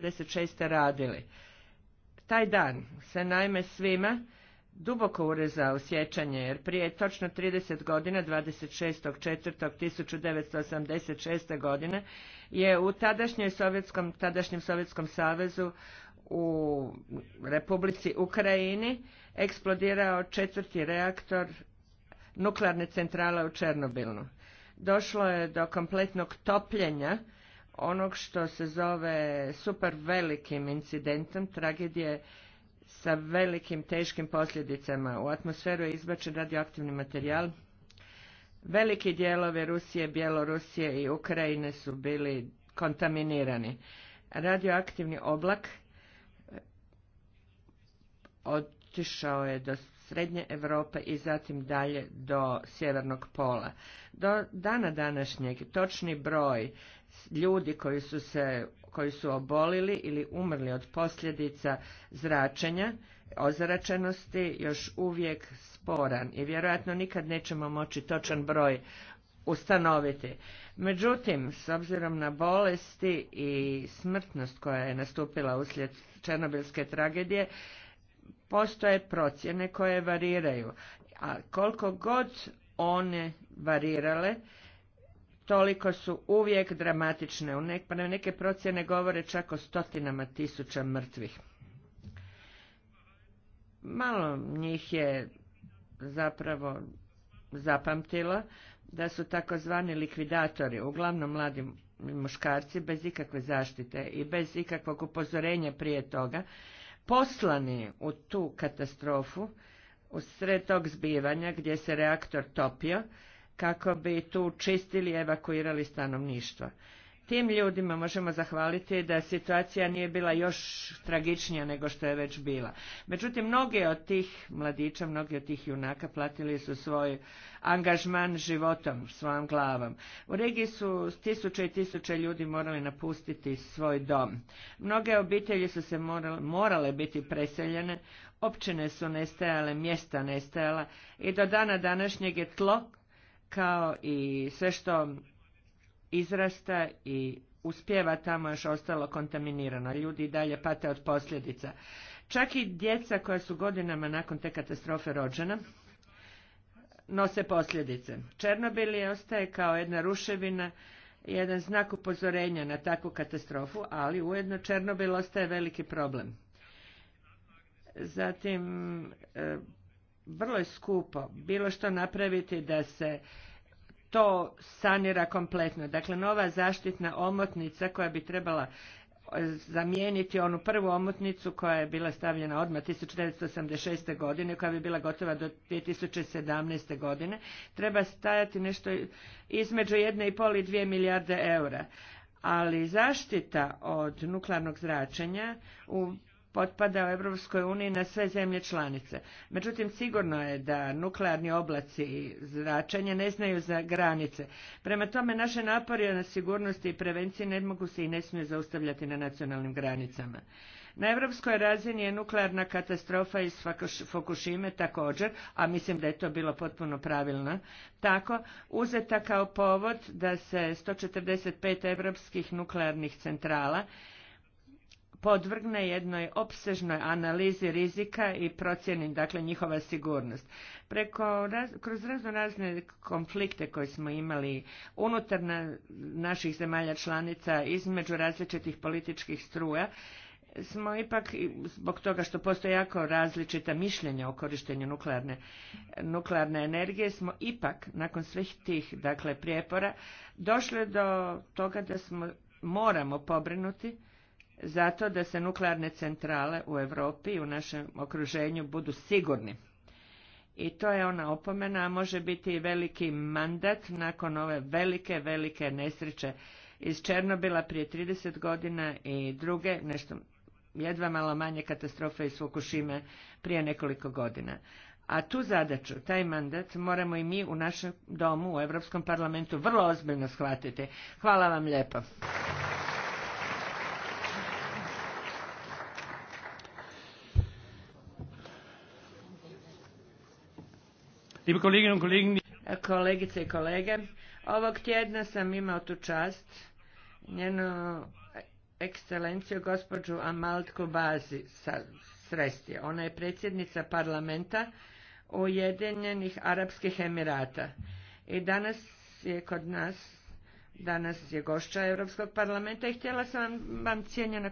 1956. radili. Taj dan se naime svima duboko urezao sjećanje, jer prije točno 30 godina, 26.4.1986. godine, je u tadašnjoj Sovjetskom, tadašnjem Sovjetskom savezu u Republici Ukrajini eksplodirao četvrti reaktor nuklearne centrale u Černobilnu. Došlo je do kompletnog topljenja onog što se zove super velikim incidentom, tragedije sa velikim teškim posljedicama. U atmosferu je izbačen radioaktivni materijal. Veliki dijelovi Rusije, Bjelorusije i Ukrajine su bili kontaminirani. Radioaktivni oblak e, otišao je do srednje Europe i zatim dalje do sjevernog pola. Do dana današnjeg točni broj ljudi koji su se koji su obolili ili umrli od posljedica zračenja, ozračenosti, još uvijek sporan i vjerojatno nikad nećemo moći točan broj ustanoviti. Međutim, s obzirom na bolesti i smrtnost koja je nastupila uslijed Černobilske tragedije, postoje procjene koje variraju, a koliko god one varirale, toliko su uvijek dramatične. U pa neke procjene govore čak o stotinama tisuća mrtvih. Malo njih je zapravo zapamtilo da su takozvani likvidatori, uglavnom mladi muškarci, bez ikakve zaštite i bez ikakvog upozorenja prije toga, poslani u tu katastrofu, u sred tog zbivanja gdje se reaktor topio, kako bi tu čistili i evakuirali stanovništvo. Tim ljudima možemo zahvaliti da situacija nije bila još tragičnija nego što je već bila. Međutim, mnogi od tih mladića, mnogi od tih junaka platili su svoj angažman životom, svojom glavom. U regiji su tisuće i tisuće ljudi morali napustiti svoj dom. Mnoge obitelji su se morale, morale biti preseljene, općine su nestajale, mjesta nestajala i do dana današnjeg je tlo kao i sve što izrasta i uspjeva tamo još ostalo kontaminirano. Ljudi i dalje pate od posljedica. Čak i djeca koja su godinama nakon te katastrofe rođena nose posljedice. Černobil je ostaje kao jedna ruševina, jedan znak upozorenja na takvu katastrofu, ali ujedno Černobil ostaje veliki problem. Zatim, e, vrlo je skupo bilo što napraviti da se to sanira kompletno. Dakle, nova zaštitna omotnica koja bi trebala e, zamijeniti onu prvu omotnicu koja je bila stavljena odmah 1986. godine, koja bi bila gotova do 2017. godine, treba stajati nešto između jedne i pol milijarde eura. Ali zaštita od nuklearnog zračenja u otpada u Europskoj uniji na sve zemlje članice. Međutim, sigurno je da nuklearni oblaci i zračenje ne znaju za granice. Prema tome, naše napori na sigurnosti i prevenciji ne mogu se i ne smiju zaustavljati na nacionalnim granicama. Na europskoj razini je nuklearna katastrofa iz Fukushime također, a mislim da je to bilo potpuno pravilno, tako uzeta kao povod da se 145 europskih nuklearnih centrala podvrgne jednoj opsežnoj analizi rizika i procjeni dakle njihova sigurnost. Preko, kroz razno razne konflikte koje smo imali unutar naših zemalja članica između različitih političkih struja, smo ipak, zbog toga što postoje jako različita mišljenja o korištenju nuklearne, nuklearne energije, smo ipak, nakon svih tih dakle, prijepora, došli do toga da smo moramo pobrinuti zato da se nuklearne centrale u Europi i u našem okruženju budu sigurni. I to je ona opomena, a može biti i veliki mandat nakon ove velike, velike nesreće iz Černobila prije 30 godina i druge, nešto jedva malo manje katastrofe iz Fukushima prije nekoliko godina. A tu zadaću, taj mandat, moramo i mi u našem domu, u Europskom parlamentu, vrlo ozbiljno shvatiti. Hvala vam lijepo. Liebe kolegice i kolege, ovog tjedna sam imao tu čast njenu ekscelenciju gospođu Amaltku Bazi sresti. Ona je predsjednica parlamenta Ujedinjenih Arapskih Emirata. I danas je kod nas, danas je gošća Europskog parlamenta i htjela sam vam, vam cijenjena